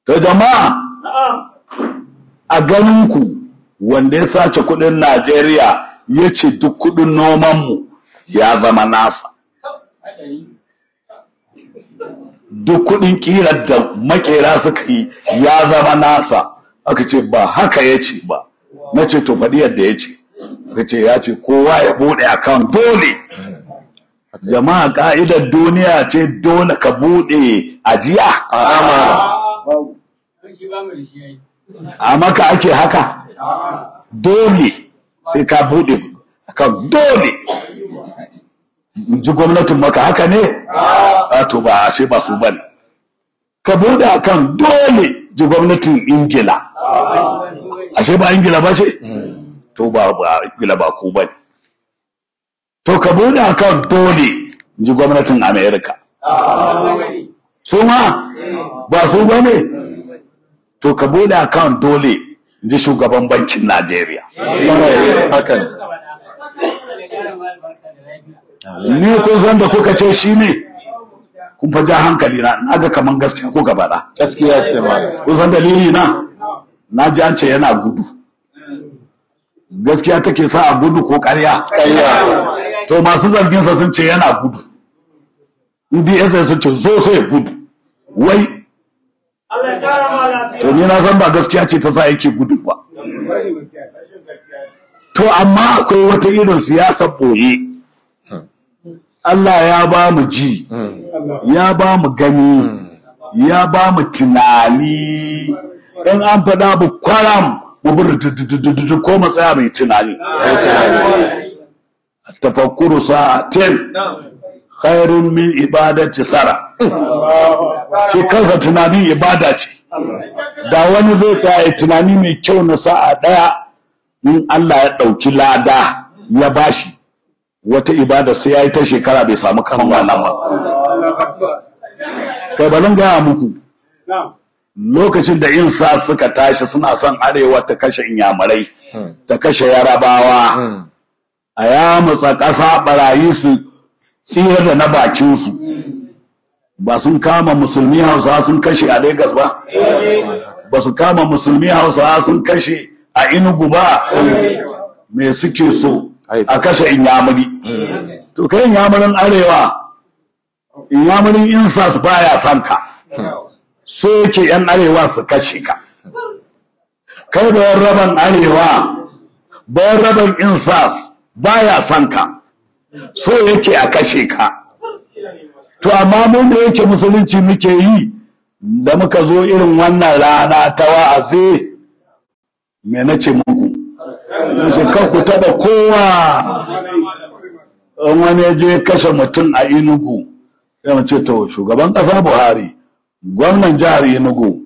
To jama'a a ganinku wanda ya sace kudin Najeriya ya ce duk kudin nomanmu ya zama nasa. Duk kudin kirar da makera suka yi ya zama nasa. Aka ce ba haka ya ce ba. Na ce to faɗi yadda ya ce. Aka ce ya ce kowa ya buɗe akan dole. jama'a ka'idar duniya ce dole ka buɗe ajiya Amma ka ake haka dole sai ka buɗe ka dole ji gwamnatin maka haka ne a to ba sai ba su bane ka buɗe akan dole ji gwamnatin ingila ashe ba ingila ba ce hmm. to ba ingila ba ku bane to ka bude kan dole ji gwamnatin Amerika, su ma ba su ba ne to ka bude kan dole ji shugaban bankin Najeriya ni kun san da kuka ce shi ne kun fa ja hankali na na ga kaman gaskiya ko gabara. gaskiya ce ma kun san dalili na na ji an ce yana gudu gaskiya take sa a gudu ko ƙarya to masu zarginsa sun ce yana gudu ndss sun ce zo so ya gudu wai to ni na san ba gaskiya ce ta sa yake gudu ba to amma akwai wata irin siyasar boye Allah ya ba mu ji ya ba mu gani ya ba mu tunani in an faɗa bu kwaram kubur ko matsaya mai tunani tafakkuru sa'atin khairun min ibadati sara shi kansa tunanin ibada ce da wani zai tsaya ya tunani mai kyau na sa'a daya in Allah ya dauki lada ya bashi wata ibada sai ya yi ta shekara bai samu kammala ba kai ba gaya muku lokacin da insa suka tashi suna son arewa ta kashe inyamurai ta kashe yarabawa a yamutsa ƙasa barayi su tsira da na bakinsu ba sun kama musulmi hausa sun kashe a Legas ba ba su kama musulmi hausa sun kashe a inugu ba me suke so a kashe inyamuri to kai inyamurin arewa inyamurin insas baya son ka so yake yan arewa su kashe ka kai bayan raban arewa bayan raban insas baya son ka so yake a kashe ka to amma mun da yake musulunci muke yi da muka zo irin wannan rana ta wa'azi me na ce muku nace kan ku taɓa kowa in wani ya je kashe mutum a inugu ya mu to shugaban ƙasa buhari gwamnan jihar Enugu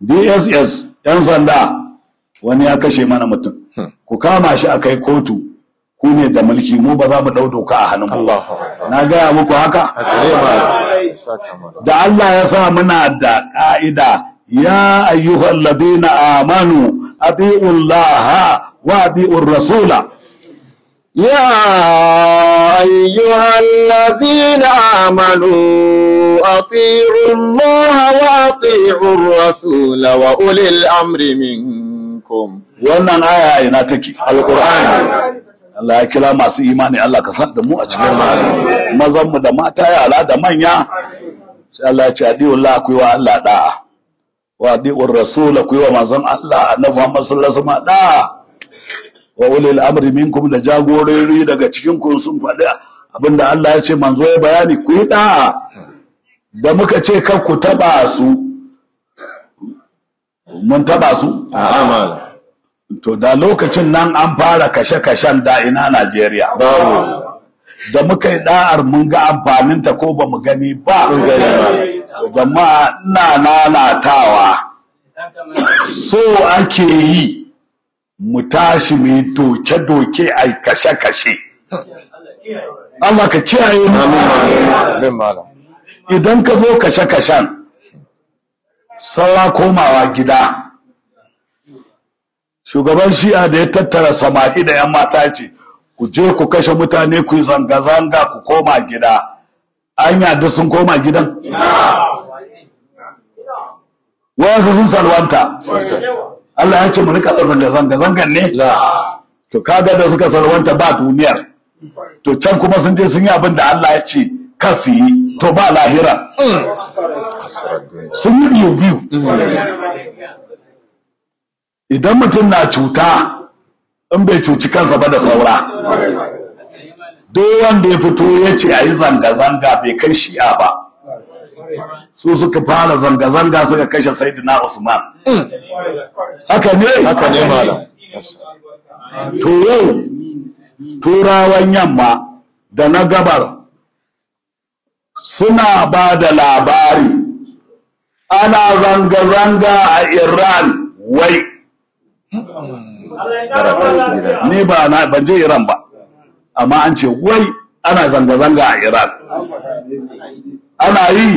DSS ɗan sanda wani ya kashe mana mutum hmm. ku kama shi a kai kotu ku ne da mulki mu ba za mu dau doka a hannun mu na gaya muku haka da Allah ya sa muna da ƙa'ida. ya ayyuhal ladina amanu ati'u wa ati'ur rasula يا أيها الذين آمنوا أطيعوا الله وأطيعوا الرسول وأولي الأمر منكم wannan aya ina take alqur'ani Allah ya kira masu imani Allah ka san da mu a cikin mazan mu da mata yara da manya sai Allah ya ce adiwullah ku wa Allah da'a wa rasul wa manzon Allah annabi Muhammad sallallahu alaihi wasallam da. wa ulil amri minkum da jagorori daga cikin ku sun faɗi abinda Allah ya ce manzo ya bayani ku yi da'a da muka ce kan ku taba su mun taba su to da lokacin nan an fara kashe-kashen da ina Najeriya da muka yi da'ar mun ga amfaninta ko ba mu gani ba jama'a ina nanatawa so ake yi mu tashi mu yi doke-doke a kashe-kashe Allah ka kiyaye mu idan ka zo kashe-kashen sarra komawa gida shugaban shi'a da ya tattara samari da 'yan mata ce ku je ku kashe mutane ku yi zanga-zanga ku koma gida an yadda sun koma gidan wasu sun salwanta Allah ya ce mu rika zanga zanga ne to kaga da suka sarwanta ba duniya to can kuma sun je sun yi abin da Allah ya ce kar su yi to ba lahira sun yi biyu biyu idan mutum na cuta in bai cuci kansa ba da saura duk wanda ya fito ya ce a yi zanga-zanga bai kai shi'a ba su suka fara zanga-zanga suka kashe saidina usman mm. haka ne haka ne malam to yau turawan yamma da na gabar suna ba da labari ana zanga-zanga a iran wai ni ba na ban je iran ba amma an ce wai ana zanga-zanga a iran ana yi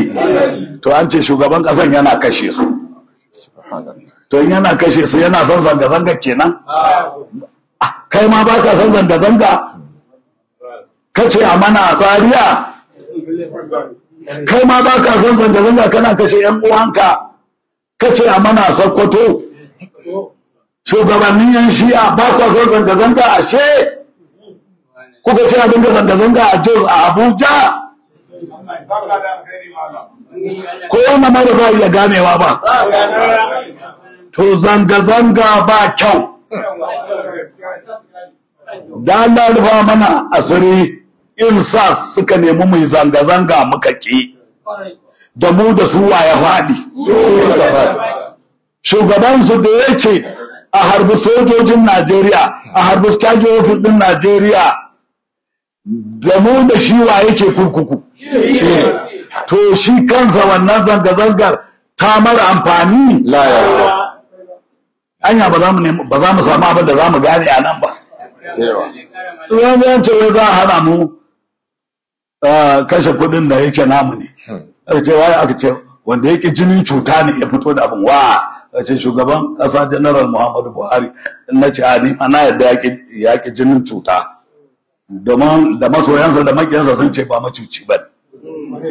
to an ce shugaban kasan yana kashe su to in yana kashe su yana son zanga-zanga kenan ah, kai ma ba ka son zanga-zanga kace a mana a tsariya kai ma ba ka son zanga-zanga kana kashe yan uwanka kace a mana a sokoto shugabannin yan shi'a ba ka son zanga-zanga a she kuka ce a dinga zanga-zanga a jos a abuja ko yana mara ba iya ganewa ba to zanga-zanga ba kyau da Allah rufa mana asiri sa suka nemi mai zanga-zanga muka ki da mu da su ya faɗi shugabansu da ya ce a harbi sojojin najeriya a harbi caji ofis ɗin najeriya da mu da shi wa yake kurkuku to shi kansa wannan zanga-zangar ta mara amfani anya ba za mu ba za mu samu abin da za mu gane a nan ba yawa yanzu yan ce za a hana mu kashe kuɗin da yake namu ne hmm. aka ce wai aka ce wanda yake jinin cuta ne ya fito da abin wa ce shugaban ƙasa janaral muhammadu buhari na ce a ana yadda yaƙi jinin cuta domin da masoyansa da makiyansa sun ce ba macuci ba ne. Hmm.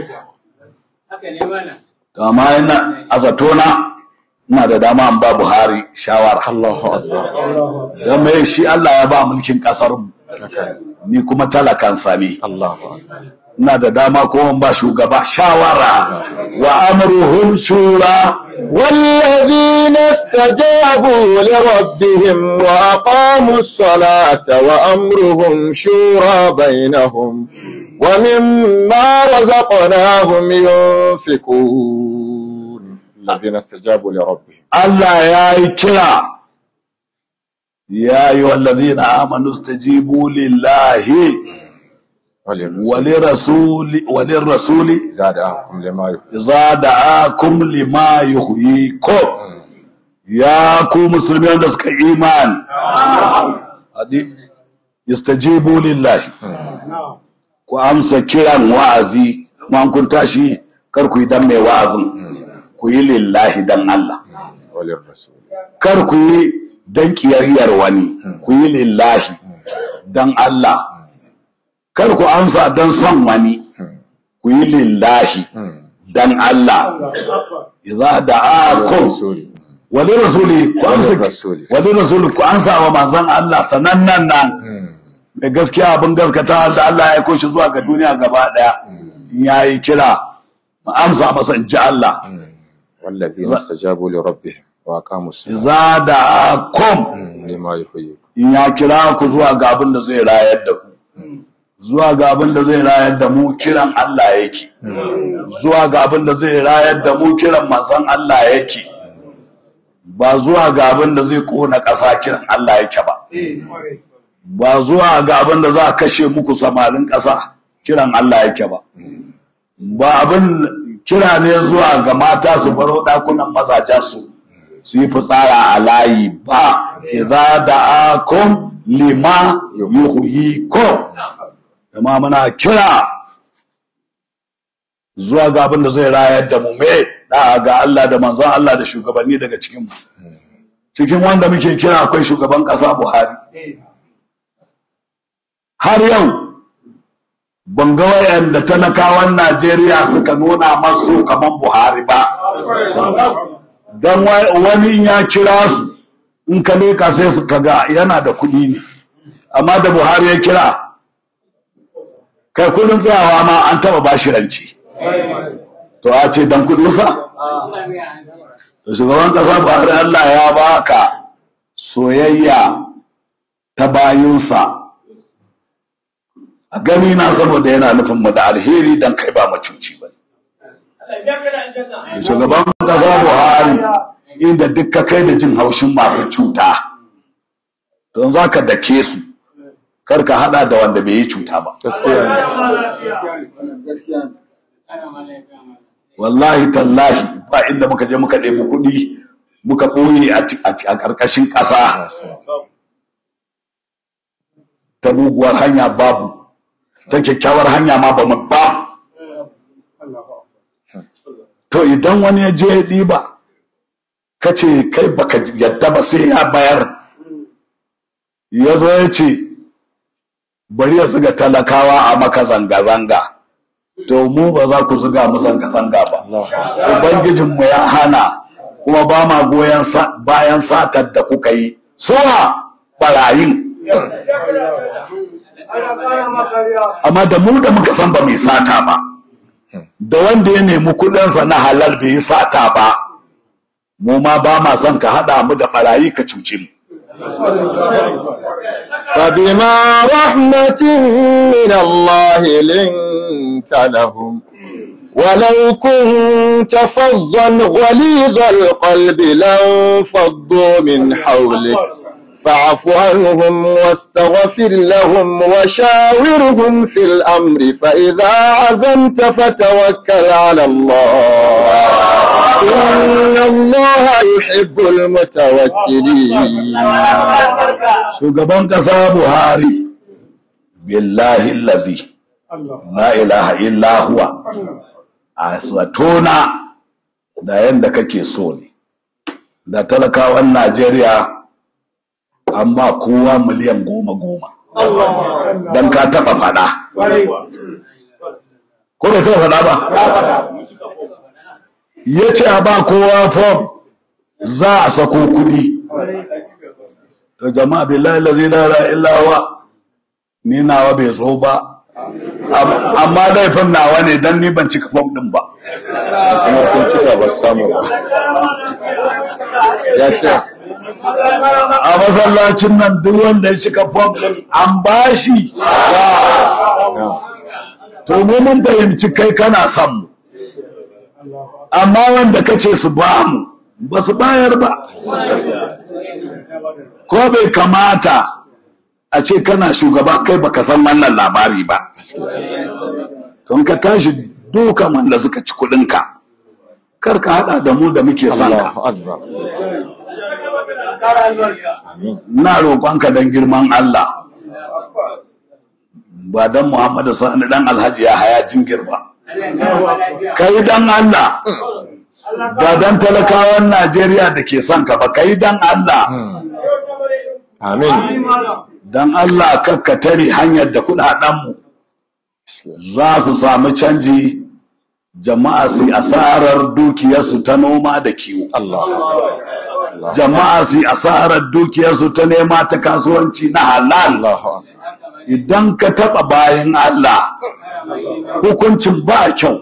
Kama yana a zatona ina da dama an ba Buhari shawara Allahu akbar dan mai shi Allah ya ba mulkin kasar mu ni kuma talakan sami Allahu akbar ina da dama ko ba shugaba shawara wa amruhum shura والذين استجابوا لربهم وأقاموا الصلاة وأمرهم شورى بينهم ومما رزقناهم ينفقون الذين استجابوا لربهم الله يا كلا يا أيها الذين آمنوا استجيبوا لله ولرسول وللرسول إذا دعاكم لما يحييكم إذا دعاكم لما يحييكم يا كو مسلمين da إيمان يستجيبوا لله lillahi ku amsa kiran wa'azi amma kun tashi kar ku ku yi lillahi dan Allah kar ku yi dan kiyayyar wani ku yi lillahi dan Allah kar ku amsa dan son wani ku yi lillahi dan Allah Iza da wali rasuli ku amsa rasuli ku amsa wa manzon Allah sanannan nan da gaskiya abin gaskata da Allah ya aiko shi zuwa ga duniya gaba daya yi kira amsa masa in ji Allah والذين استجابوا لربهم واقاموا الصلاة زادكم لما يحييكم in ya kira zuwa ga abin da zai rayar da ku zuwa ga abin da zai rayar da mu kiran Allah yake zuwa ga abin da zai rayar da mu kiran manzon Allah yake ba zuwa ga abin da zai kona ƙasa kiran Allah yake ba ba zuwa ga abin da za a kashe muku samarin ƙasa kiran Allah yake ba ba abin kira ne zuwa ga mata su baro dakunan mazajensu su yi fitsara a layi ba idza da'akum lima yuhyikum amma muna kira zuwa ga abin da zai rayar da mu me da ga Allah da manzon Allah da shugabanni daga cikin mu cikin wanda muke kira akwai shugaban ƙasa Buhari har yau ban ga wayanda talakawan Najeriya suka nuna masu kamar Buhari ba don wani ya kira su in ka leka sai su kaga yana da kuɗi ne amma da Buhari ya kira kai kudin tsayawa ma an taba ba ranci to a ce dan kudinsa to shugaban kasa Buhari Allah ya baka soyayya ta bayansa. a gani na saboda yana nufin mu da alheri dan kai ba macuci ba shugaban mu hari inda dukka kai da jin haushin masu cuta don za ka dake su kar ka hada da wanda bai yi cuta ba wallahi tallahi ba inda muka je muka ɗebi kuɗi muka ɓoye a ƙarƙashin ƙasa ta buguwar hanya babu ta kyakkyawar hanya ma ba mu ba to idan wani ya je ya ɗiba ka ce kai baka yadda ba sai ya bayar ya zo ya ce bari ya zuga talakawa a maka zanga-zanga to mu ba za ku zuga mu zanga-zanga ba ubangijinmu ya hana kuma ba ma goyon bayan satar da kuka yi suwa barayin amma da mu da muka san ba mai sata ba hmm. da wanda ya nemi kuɗinsa na halal bai yi sata ba mu ma ba ma son ka haɗa mu da ɓarayi ka cuci mu فبما رحمة من الله لنت لهم ولو كنت فظا غليظ القلب لانفضوا من حولك فاعف عنهم واستغفر لهم وشاورهم في الأمر فإذا عزمت فتوكل على الله إن الله يحب المتوكلين شغبان كسا هاري بالله الذي لا إله إلا هو أسواتونا da yadda kake so ne da talakawan amma kowa miliyan goma goma don ka taɓa faɗa ko da taɓa faɗa ba ya ce a ba kowa fom za a sako kuɗi da jama'a billahi lazi la ilaha illawa ni nawa bai zo ba amma dai laifin nawa ne dan ni ban cika fom din ba sun cika ba samu ba ya ce a masallacin nan duk wanda ya cika fom ɗin an bashi to mu mun fahimci kai kana son mu amma wanda kace su ba mu ba su bayar ba ko bai kamata a ce kana shugaba kai baka san wannan labari ba don ka tashi duka wanda suka ci kuɗinka kar ka haɗa da mu da muke son ka na roƙonka don girman Allah ba don Muhammadu Sani ɗan Alhaji ya haya jingir ba kai dan Allah ba don talakawan Najeriya da ke son ka ba kai dan Allah amin dan Allah kakka tare hanyar da kudadenmu za su sami canji jama'a su asarar dukiyarsu ta noma da kiwo Allah jama'a su asarar dukiyarsu ta nema ta kasuwanci na halal idan ka taba bayan Allah hukuncin ba kyau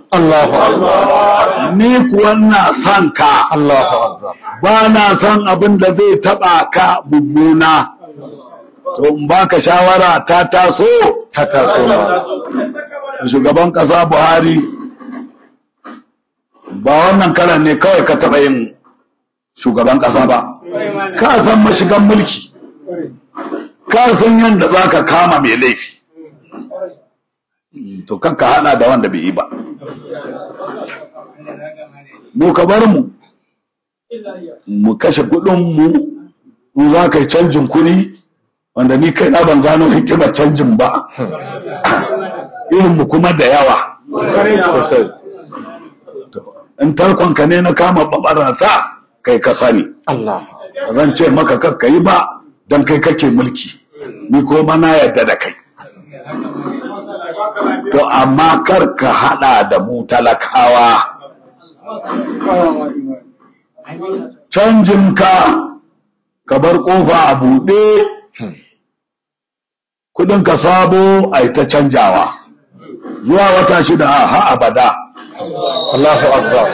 ni kuwa na son ka ba na son abin da zai taɓa ka mummuna to in baka shawara ta taso ta taso shugaban ƙasa buhari ba wannan karan ne kawai ka taba yin shugaban ƙasa ba ka san mashigan mulki ka san yadda za ka kama mai laifi to kanka hana da wanda bai yi ba mu ka bar mu mu kashe kuɗin mu mu za ka yi canjin kuɗi wanda ni kai na ban gano hikimar canjin ba irin mu kuma da yawa in tarkonka ne na kama babarata kai ka sani Allah zan ce maka ka yi ba dan kai kake mulki ni ma na yarda da kai to amma kar ka hada da mu talakawa canjin ka ka bar kofa a buɗe kuɗin ka sabo a ta canjawa zuwa wata shida ha abada Allahu Akbar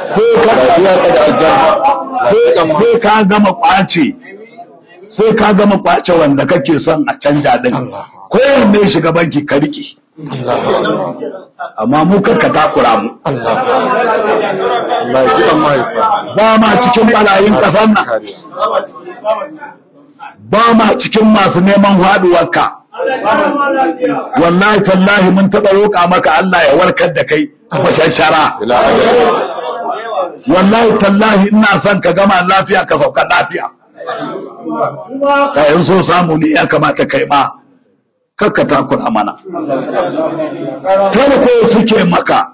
sai ka gama kwace sai ka gama kwace wanda kake son a canja din ko yanne shiga banki ka rike amma mu kanka takura mu ba ma cikin balayin kasan nan ba ma cikin masu neman haɗuwarka. wallahi tallahi mun taɓa roƙa maka Allah ya warkar da kai ka wallahi tallahi ina son ka gama lafiya ka sauka lafiya kayan so samu ne ya kamata kai ma kakka takura mana tare ko suke maka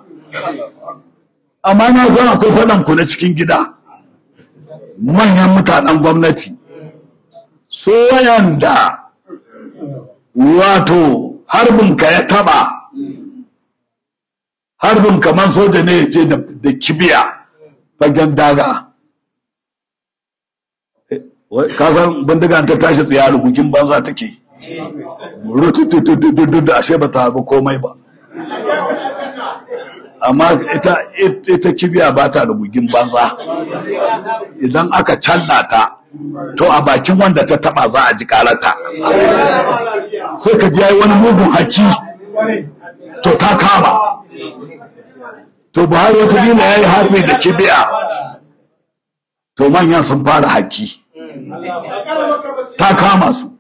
amma na san akwai faɗan ku na cikin gida manyan mutanen gwamnati so wayanda wato harbin ka ya taba harbin kamar soja ne ya ce da kibiya fagen daga ka san bindiga ta tashi tsiya rugugin banza take da ashe ba ta haɓu komai ba amma ita kibiya ba ta rugugin banza idan aka canna ta to a bakin wanda ta taba za a ji karata sai ka ji yayi wani mugun haki to ta kama to buhari wata gina ya yi harbi da kibiya to manyan sun fara haki ta kama su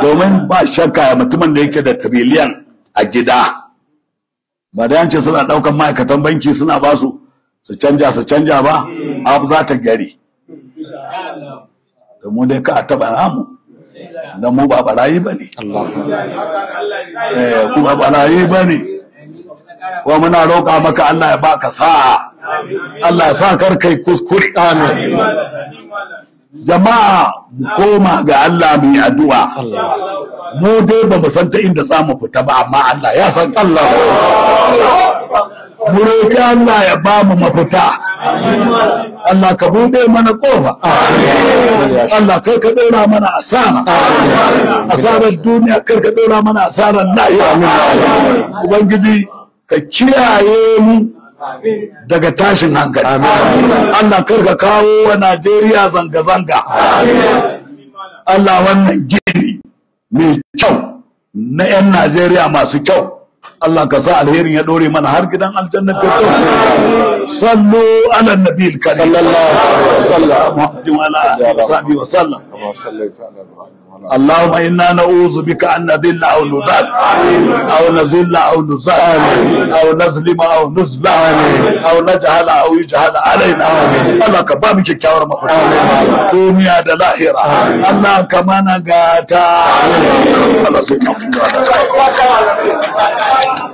domin ba shakka mutumin da yake da tiriliyan a gida ba da yance suna ɗaukan ma'aikatan banki suna ba su su canja su canja ba abu za ta gari da mu dai ka a taɓa namu da mu ba barayi ba ne Eh, kuma barayi ba ne Kuma muna roƙa maka Allah ya baka sa'a Allah ya sa kar kai kuskure amin jama'a koma ga Allah mu yi addu'a mu dai ba mu san ta inda za mu fita ba amma Allah ya san Allah mu roƙi Allah ya ba mu mafita Allah ka buɗe mana ƙofa Allah kai ka ɗora mana asara asarar duniya kar ka ɗora mana asarar lahiya ubangiji ka kiyaye mu daga tashin hankali Allah kar ka kawo wa Najeriya zanga-zanga Allah wannan gini mai kyau na 'yan Najeriya masu kyau Allah ka sa alherin ya dore mana har gidan aljanna ta to sallu ala nabiyil karim sallallahu alaihi wa sallam wa ala alihi wa sahbihi wa sallam اللهم إنا نعوذ بك أن نذل أو نذل أو نذل أو نذل أو نظلم أو نظلم أو نجهل أو يجهل علينا Allah ka ba mu kyakkyawar mafuta duniya da lahira Allah ka mana gata Allah